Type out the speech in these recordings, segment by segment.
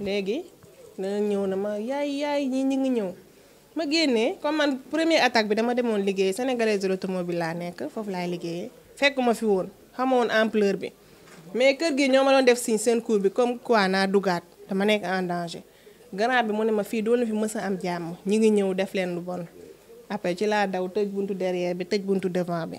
léegi dana ñëw na ma yaay yaay ñii ñi ngi ñëw ma génnee comme man première attaque bi dama demoon liggéey sénégalaise de l'automobile laa nekk foofu laay liggéeyee fekk ma fi woon xamoon empleur bi mais kër gi ñoo ma doon def siñ seen cour bi comme quoi naa dugaat dama nekk en danger grand bi mu ne ma fii doon na fi mës a am jàmm ñi ngi ñëw def leen lu bon après ci laa daw tëj buntu derrière bi tëj buntu devant bi.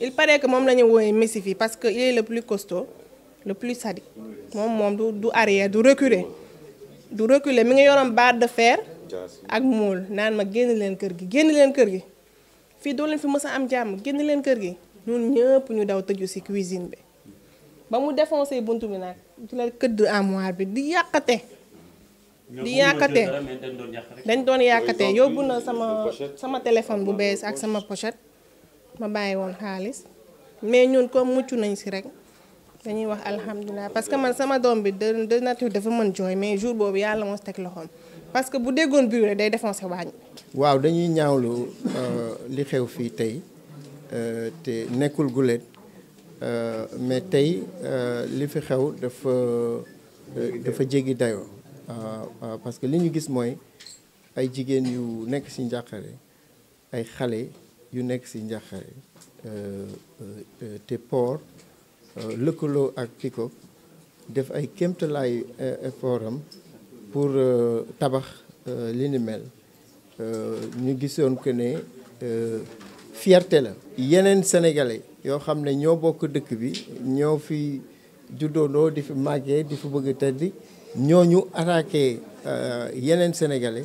il paraît que nous avons parce qu'il est le plus costaud le plus sadique Il moom du arrière du reculer du reculer barre de fer ak mool ma génn Je suis gi la gi fi a am nous de gi ñun ñëpp ñu daw ci cuisine bi ba mu défoncé buntu ci la a bi di di doon sama sama téléphone bu ak sama pochette ma bàyyi woon xaalis mais ñun comme mucc nañ si rek dañuy wax alhamdulilah parce que man sama doom bi de de nature dafa mën jooy mais jour boobu yàlla moo si teg loxoom parce que bu déggoon biir rek day défoncé waañ waaw dañuy ñaawlu euh, li xew fii tey euh, te nekkul guléet euh, mais tey li fi xew dafa dafa jéggi dayoo parce que li ñu gis mooy ay jigéen yu nekk ci njàqare ay xale Yunex, nekk TEPOR, Ndiakhare euh, euh, te euh, ak def ay effort pour tabax Nous ni mel ñu gisoon que fierté la sénégalais yoo xam beaucoup de bokk dëkk bi fait fi di fi di fi bëgg sénégalais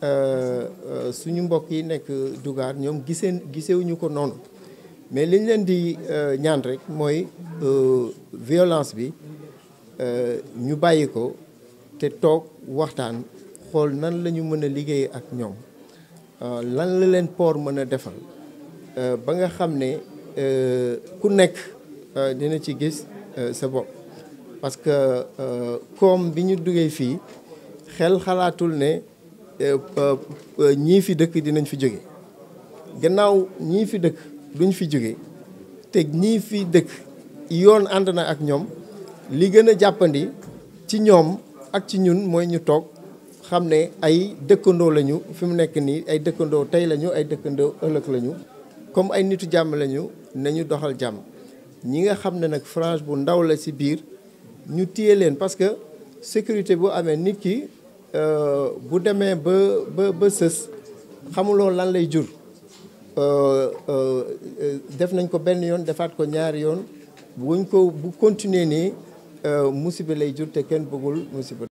Euh, euh, suñu mbokk yi nekk dugaat ñoom gisee gisewuñu ko noonu mais li ñu leen di euh, ñaan rek mooy violence bi ñu bàyyi ko te toog waxtaan xool nan lañu mën a liggéey ak ñoom lan la leen port mën a defal ba nga xam ne ku nekk dina ci gis sa bopp parce que comme bi ñu duggee fii xel xalaatul ne Eh, ñii fi dëkk dinañ fi jóge gannaaw ñii fi dëkk duñ fi jóge te ñii fi dëkk yoon ànd na ak ñoom li gën a jàppandi ci ñoom ak ci ñun mooy ñu toog xam ne ay dëkkandoo lañu fi mu nekk nii ay dëkkandoo tey lañu ay dëkkandoo ëllëg lañu comme ay nitu jàmm lañu nañu doxal jàmm ñi nga xam ne nag frange bu ndaw la ci biir ñu tiye leen parce que sécurité bu amee nit ki Euh, bu demee ba ba ba sës xamuloo lan lay jur euh, euh, def nañ ko benn yoon defaat ko ñaari yoon buñ ko bu continuer nii musiba lay jur te kenn bëggul musiba